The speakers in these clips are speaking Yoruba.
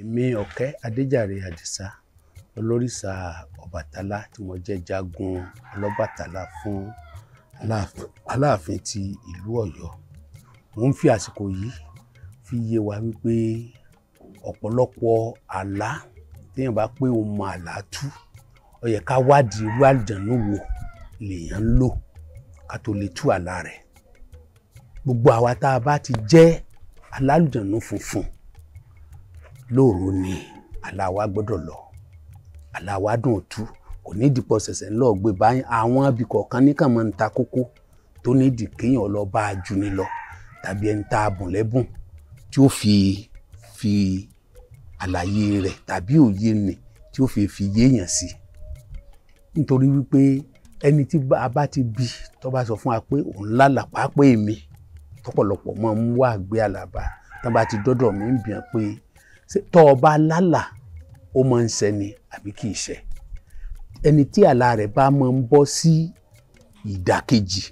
èmi ọ̀kẹ́ adéjàre àdìsá olórìṣà ọbàtálá tí mo jẹ́ jagun ọlọ́bàtálá fún aláàfin ti ìlú ọ̀yọ́ mo ń fi àsìkò yìí fi yé wa wípé ọ̀pọ̀lọpọ̀ àlá téèyàn bá pé òun mọ àlá tú ó yẹ ká wádìí irú àjànú wo lèèyàn ń lò ká tó lè tú àlá rẹ̀ gbogbo àwa tá a bá ti jẹ́ alálùjànú funfun lóòrò ni aláwa gbọ́dọ̀ lọ aláwa dùn òtú kò ní ìdìpọ̀ ṣẹ̀ṣẹ̀ ńlọ gbé báyìí àwọn abì kọ̀ọ̀kan níkàn máa ń ta kókó tó ní ìdì kéèyàn lọ bá a jù ní lọ tàbí ẹni tá a bùn lẹ́bùn tí ó fi fi àlàyé rẹ̀ tàbí òye nì tí ó fi fi yéèyàn sí nítorí wípé ẹni tí a bá ti bí tó bá sọ fún wa pé òun lálà pàápẹ́ mi tọ́pọ̀lọpọ̀ máa ń wá àgbé àlàbà tó bá ti dọ́dọ̀ mi ń bìyàn pé tọ́ ọ bá lálà ó máa ń ṣẹ ni àbí kì í ṣẹ ẹni tí àlá rẹ̀ bá máa ń bọ́ sí ìdàkejì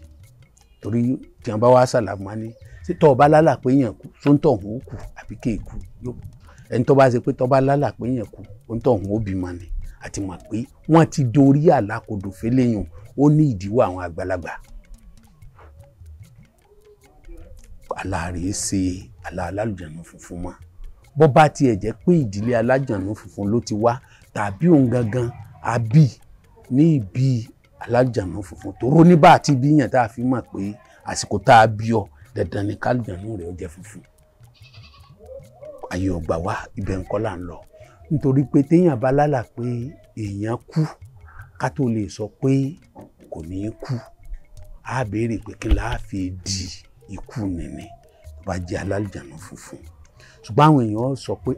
torí tí wọ́n bá wá ṣàlàmọ́ ni ṣé tọ́ ọ bá lálà pé èèyàn kú tó ń tọ̀hún ó kù àbí kì kú ẹni tó bá ṣe pé tọ́ bá lálà pé èèyàn kú ó ń tọ̀hún ó bímọ ni àti mọ̀ pé wọ́n ti dorí àlàkodò fẹ́lẹ́yìn ó ní ìdíwọ́ àwọn àgbàlagbà àlá rèé ṣe àlá alálùjánu funfun mọ́ bó bá tiẹ̀ jẹ́ pé ìdílé alájànú funfun ló ti wá tàbí òun gangan àbí ní ìbí alájànú funfun tóró níbà tí bí yàn tá a fi mọ̀ pé àsìkò tá a bí ọ dandan ni kálíjànú rẹ̀ ó jẹ́ funfun àyè ọgbà wa ibẹ̀ ńkọ́ là ń lọ nítorí pé téèyàn bá lálà pé èèyàn kú ká tó lè sọ pé kò ní í kú á béèrè pé kí n láà di ikú nìní bá jẹ́ alájànú funfun ṣùgbọ́n àwọn èèyàn sọ pé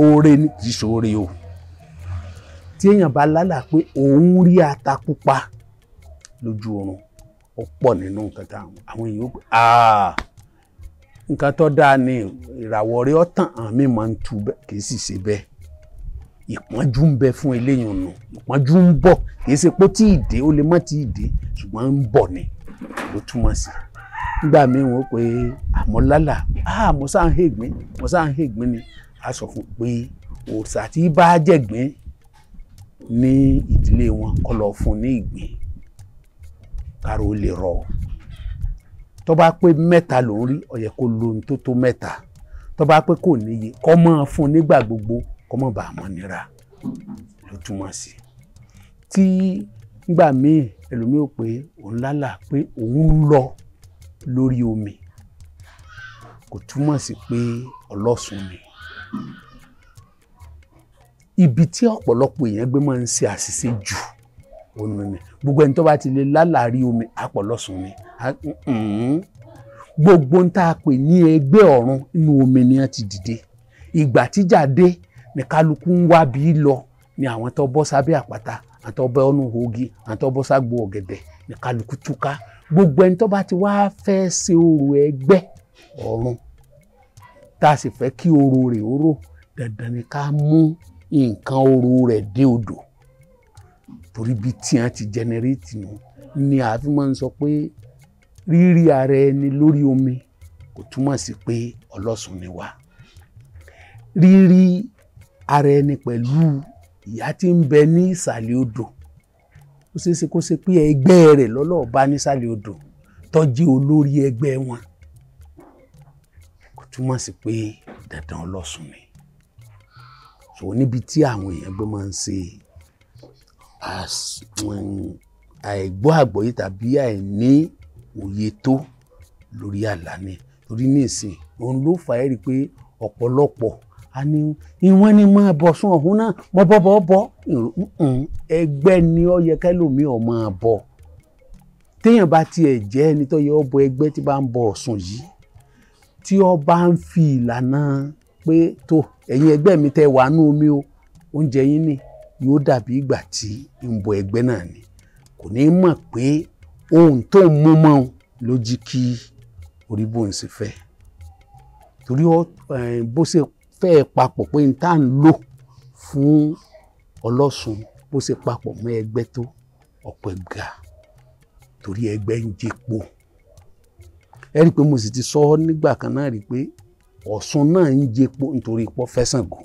oore ni kì í ṣoore o tí èèyàn bá lálà pé òun rí ata pupa lójú oorun ó pọ̀ nínú nǹkan tá àwọn èèyàn pé nǹkan tó dáa ni ìràwọ̀ rẹ̀ ọ̀tàn àmì máa ń tu kì í sì ṣe bẹ́ẹ̀ ìpọ́njú ń bẹ fún eléyìí ọ̀nà ìpọ́njú ń bọ̀ kìí ṣe pé tí ìdè ó lè má ti ìdè ṣùgbọ́n ń bọ̀ ni ló túmọ̀ sí nígbà míì wọ́n pé mo lálà ah mo sáà ń hègbín mo sáà ń hègbín ni a sọ fún pé òòṣà tí bá jẹ̀gbín ní ìdílé wọn kó lọ fún ní ìgbín káró lè rọ tó bá pé mẹ́ta ló ń rí ó kó lo ohun tó tó mẹ́ta tó bá pé kò níye kó máa fún nígbà gbogbo kó má bàa mọ́ nira ló túmọ̀ sí tí nígbà míì ẹlòmíì pé òun lálà pé òun lọ lórí omi kò túmọ̀ sí pé ọlọ́sùn ni ibi tí ọ̀pọ̀lọpọ̀ èèyàn gbé máa ń ṣe àṣìṣe jù òun ni gbogbo ẹni tó bá ti lè lálàárí omi àpọ̀lọ́sùn ni gbogbo ń tá a pè ní ẹgbẹ́ ọ̀run inú omi ni wọ́n ti dìde ìgbà tíjà dé ni kálukú ń wá bí lọ ni àwọn tó bọ́ sábẹ́ àpáta àtọ bọ́ ọ́nù hogi àtọ bọ́ ságbó ọ̀gẹ̀dẹ̀ ni kálukú túká gbogbo ẹni tó bá ti wá fẹ́ ṣe orò ẹgbẹ́ ọ̀run tá a sì fẹ́ kí oró rẹ̀ oró dandan ni ká mú nǹkan oró rẹ̀ dé odò torí bí tí ti jẹnẹrétì nù ni a fi máa ń sọ pé rírí ara ẹni lórí omi kò túmọ̀ sí pé ọlọ́sùn ni wá rírí ara ẹni pẹ̀lú ìyá tí ń bẹ ní ìsàlẹ̀ odò ó ṣeéṣe kó ṣe pé ẹgbẹ́ rẹ̀ lọ́lọ́ọ̀bá nísàlẹ̀ odò tọ́jú olórí ẹgbẹ́ wọn túmọ̀ sí pé dandan ọlọ́sùn ni so níbi tí àwọn èèyàn gbọ́ máa ń ṣe àìgbọ́ àgbọ́yé tàbí àìní òye tó lórí àlá ni torí nísìn òun ló fà ẹ́ rí i pé ọ̀pọ̀lọpọ̀ a ní ìwọ́n ni máa bọ̀ sún ọ̀hún náà mọ́ bọ́ bọ́ bọ́ ẹgbẹ́ ni ó yẹ kẹ́lòmíì ọ̀ máa bọ̀ téèyàn bá tiẹ̀ jẹ́ ẹni tó yẹ ọ bọ ẹgbẹ́ tí bá ń bọ Ọ̀ṣun yìí tí ó bá ń fi ìlànà pé tó ẹ̀yin ẹgbẹ́ mi tẹ́ wà nú omi o oúnjẹ yín ni yóò dàbí ìgbà tí ń bọ ẹgbẹ́ náà ni kò ní mọ̀ pé ohun tó ń mú mọ́ ló jí kí orí bóun sì fẹ́ torí eh, bó ṣe fẹ́ papọ̀ pé n tá à ń lò fún ọlọ́sùn bó ṣe papọ̀ mọ́ ẹgbẹ́ tó ọ̀pọ̀ ẹgbà torí ẹgbẹ́ ń jẹpo. ẹ rí pé mo sì ti sọ ọ nígbà kan náà rí i pé Ọ̀ṣun náà ń jepo nítorí ipò fẹ́sàn gùn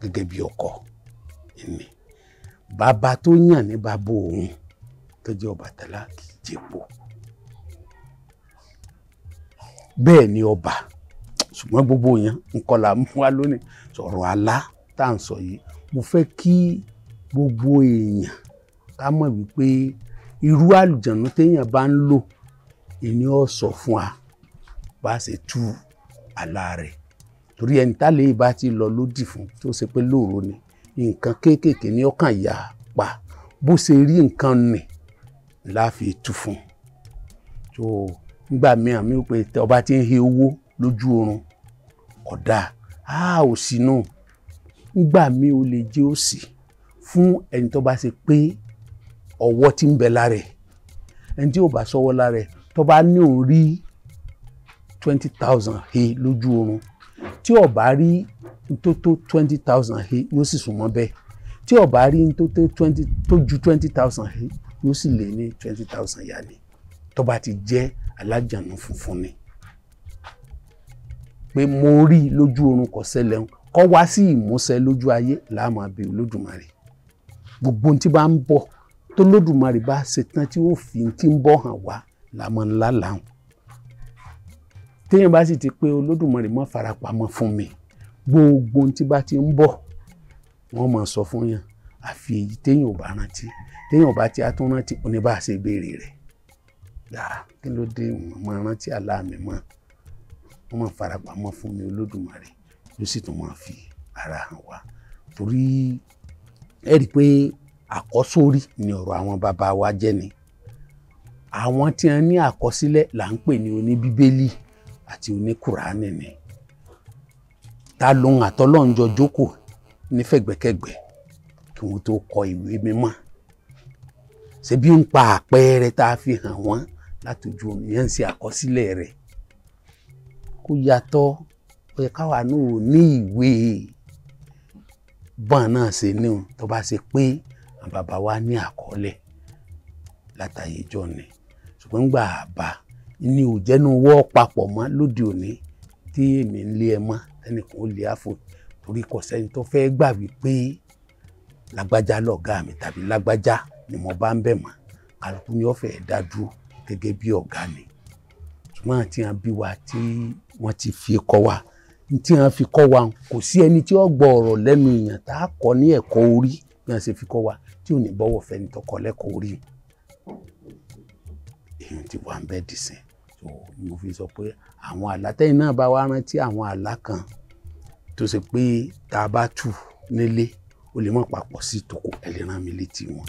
gẹ́gẹ́ bí ọkọ èmi bàbá tó yàn ní bàbá òun tó jẹ́ Ọbàtálá kì í jepo bẹ́ẹ̀ ni ọba ṣùgbọ́n gbogbo yẹn nǹkan là ń wá lónìí sọ̀rọ̀ alá tá à ń sọ yìí mo fẹ́ kí gbogbo èèyàn ká mọ̀ wípé irú àlùjànnú téèyàn bá ń lò ìní ọ̀sọ̀ fún wa bá a ṣe tú àlá rẹ̀ torí ẹni tá lè bá ti lọ lódì fún tó ṣe pé lóòrò ni nǹkan kéékèèké ní ọkàn yà pa bó ṣe rí nǹkan nì láfi tú fún so nígbà mìíràn mi ò pé ọba ti ń he owó lójú oorun kódà á ò sí náà nígbà mi ò lè jẹ́ òsì fún ẹni tó bá ṣe pé ọwọ́ ti ń bẹ lára ẹ̀ ẹni tí ò bá sọ́wọ́ lára ẹ̀ tó bá ní òun rí twenty thousand he lójú oorun tí ó bá rí tó tó twenty thousand he yóò sì sùn mọ́ bẹ́ẹ̀ tí ó bá rí tó tó twenty tó ju twenty thousand he yóò sì lé ní twenty thousand yá ni tó bá ti jẹ́ alájànú funfun ni pé mo rí lójú oorun kò ṣẹlẹ̀ ń kọ́ wá sí ìmúṣẹ lójú ayé láàmú abẹ́ olódùmarè gbogbo ohun tí bá ń bọ̀ tó lódùmarè bá ṣetán tí ó fi ti ń bọ̀ hàn wá la mọ̀ ńlá làwọn téèyàn bá sì ti pé olódùmarè mọ́ farapamọ́ fún mi gbogbo ohun tí bá ti ń bọ̀ wọ́n mọ̀ sọ fún yàn àfi èyí téèyàn ò bá rántí téèyàn ò bá ti atún rántí oníbàṣẹ béèrè rẹ̀ dáa kí ló dé wọ́n máa rántí aláàmì mọ́ wọ́n mọ̀ farapamọ́ fún mi olódùmarè ló sì tún máa fi ara hàn wá torí ẹ rí i pé àkọ́sórí ni ọ̀rọ̀ àwọn bàbá wa jẹ́ ni àwọn tí wọ́n ní àkọsílẹ̀ là ń pè ní oníbíbélì àti oníkùránì ni ta lòun àtọ́lọ́njọ jókòó nífẹ̀gbẹ́kẹ̀gbẹ́ kí wọ́n tó kọ ìwé mímọ́ ṣebí ń pa àpẹẹrẹ tá a fi hàn wọ́n látòjú omi yẹn ń ṣe àkọsílẹ̀ rẹ̀ kó yàtọ̀ ó yẹ káwa náà ò ní ìwé bọ́n náà ṣe ní o tó bá ṣe pé àwọn bàbá wa ní àkọọ́lẹ̀ látàyè jọ ni pé ń gbà bá ni ò jẹ́nu wọ́ papọ̀ mọ́ lóde òní tí èmi ń lé ẹ mọ́ ẹnìkan ó lé àfò torí kò sẹ́ni tó fẹ́ gbà wípé lágbájá lọ̀gá mi tàbí lágbájá ni mo bá ń bẹ̀ mọ́ kálukú ni ó fẹ́ dá dúró gẹ́gẹ́ bí ọ̀gá ni ṣùgbọ́n àti àwọn bí wa tí wọ́n ti fi kọ́ wa tí wọ́n fi kọ́ wa kò sí ẹni tí ó gbọ́ ọ̀rọ̀ lẹ́nu èèyàn tá a kọ́ ní ẹ̀kọ́ orí bí wọ́n ṣe fi kọ́ wa tí ò ní bọ́wọ̀ fẹ́ni tó kọ́ lẹ́kọ̀ọ́ orí yìí èèyàn ti wà ń bẹ́ẹ̀ dìsìn so mo fi sọ pé àwọn àlá tẹ́yìn náà bá wá rántí àwọn àlá kan tó ṣe pé tá a bá tù nílé ó lè mọ̀ papọ̀ sí tòkó ẹ̀ lè rán mi létí wọn.